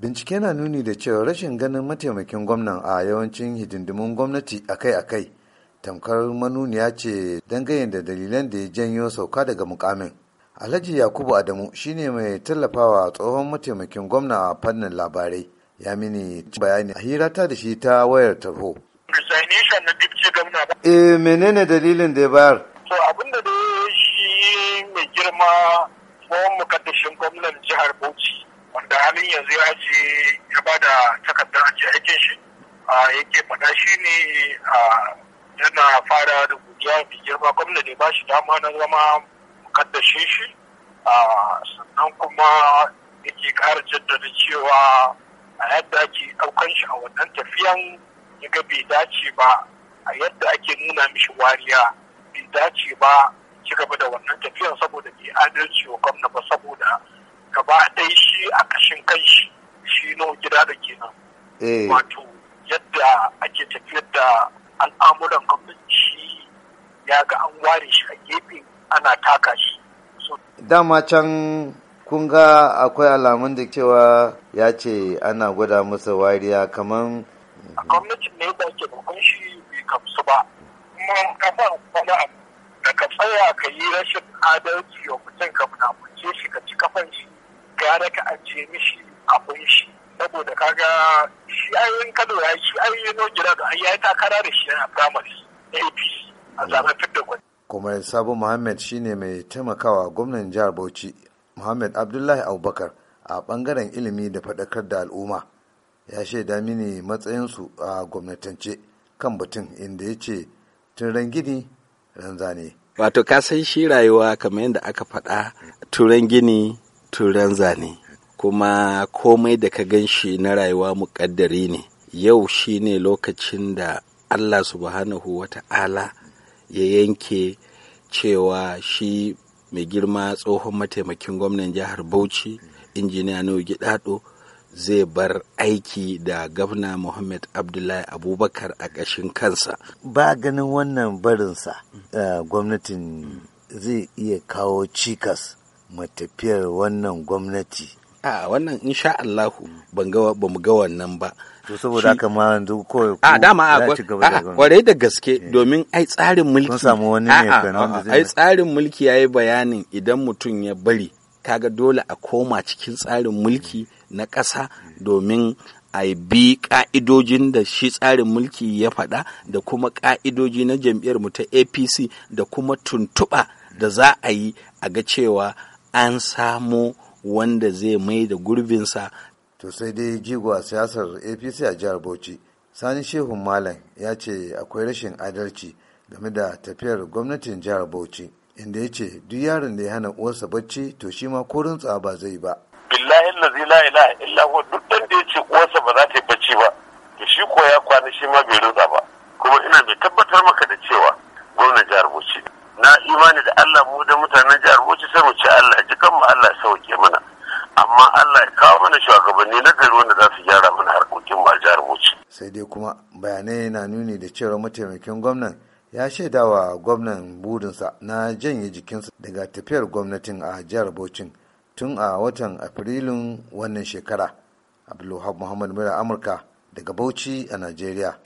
bincike na nuni da cewa rashin ganin mataimakin gwamnan a yawancin hidindimun gwamnati akai-akai tamkar manuniya ce dangane da dalilan da ya janyo sauka daga mukamin alhaji yakubu adamu shine mai tallafawa tsohon mataimakin gwamna a fannin labarai ya mini bayani a hirata da shi ta wayar tarho eh menene dalilin da ya bayar to abinda da shi mai girma tsohon mukaddashin gwamnan jihar bauchi yanzu ya ce ya ba da takardar a aikin shi a yake faɗa shi ne yana fara da godiya da girma gwamna ne ba shi dama na zama mukaddashin shi a sannan kuma yake ƙara jaddada cewa a yadda ake ɗaukan shi a wannan tafiyan ya ga bai dace ba a yadda ake nuna mishi wariya bai dace ba ci gaba da wannan tafiyan saboda bai adalci wa gwamna ba saboda Eh. wato yadda ake tafiyar da al'amuran gwamnati ya ga an ware shi a gefe ana taka shi dama can kun ga akwai alamun da cewa ya ce ana gwada masa wariya kamar a gwamnatin ne ba ke bakon shi bai kamsu ba kuma kafa kwana da ka tsaya ka yi rashin adalci wa mutum ka na shi ka ci kafan shi gara ka ajiye mishi a shi saboda kaga shi ayoyin kano ya shi ayoyin nogira da ya yi takara da shi a primary apc a zaben fidda gwani. kuma Mohammed muhammad shine mai taimakawa gwamnan jihar bauchi muhammad abdullahi abubakar a bangaren ilimi da faɗakar da al'umma ya shaida mini matsayinsu a gwamnatance kan batun inda ya ce tun rangini zane." wato ka shi rayuwa kamar yadda aka faɗa turan gini turan zane kuma komai da ka gan shi na rayuwa muƙaddari ne yau shi ne lokacin da allah subhanahu wa ta'ala ya yanke cewa shi mai girma tsohon mataimakin gwamnan jihar bauchi injiniya nuhu gidado zai bar aiki da gabna Muhammad Abdullahi Abubakar a ƙashin kansa. Ba ganin wannan barinsa uh, gwamnatin zai iya kawo cikas matafiyar wannan gwamnati a wannan insha Allahu ban ga ba mu ga wannan ba to saboda haka ma yanzu ko a dama a kwarai da gaske eh. domin ai tsarin mulki kun samu wani ne ai tsarin mulki yayi bayanin idan mutum ya bari kaga dole a koma cikin tsarin mulki na ƙasa domin a bi ka'idojin da shi tsarin mulki ya faɗa da kuma ka'idoji na jam'iyyar mu ta apc da kuma tuntuɓa da za a yi a ga cewa an samo wanda zai mai da gurbinsa to sai dai jigo a siyasar apc a jihar bauchi sani shehu malam ya ce akwai rashin adalci game da tafiyar gwamnatin jihar bauchi inda ya ce duk yaron da ya hana uwarsa bacci to shi ma ko ba zai ba billahi allazi la ilaha illa huwa duk da ya ce uwarsa ba za ta yi bacci ba to shi ko ya kwana shi ma bai rantsa ba kuma ina mai tabbatar maka da cewa gwamnan jihar bauchi na imani da Allah mu Allah ya kawo mana shugabanni na gari wanda za su gyara mana harkokin ba jihar Bauchi. Sai dai kuma bayanai na nuni da cewa mataimakin gwamnan ya shaida wa gwamnan burinsa na janye jikinsa daga tafiyar gwamnatin a jihar Bauchi tun a watan Afrilun wannan shekara. Abdulwahab Muhammad Mura Amurka daga Bauchi a Najeriya.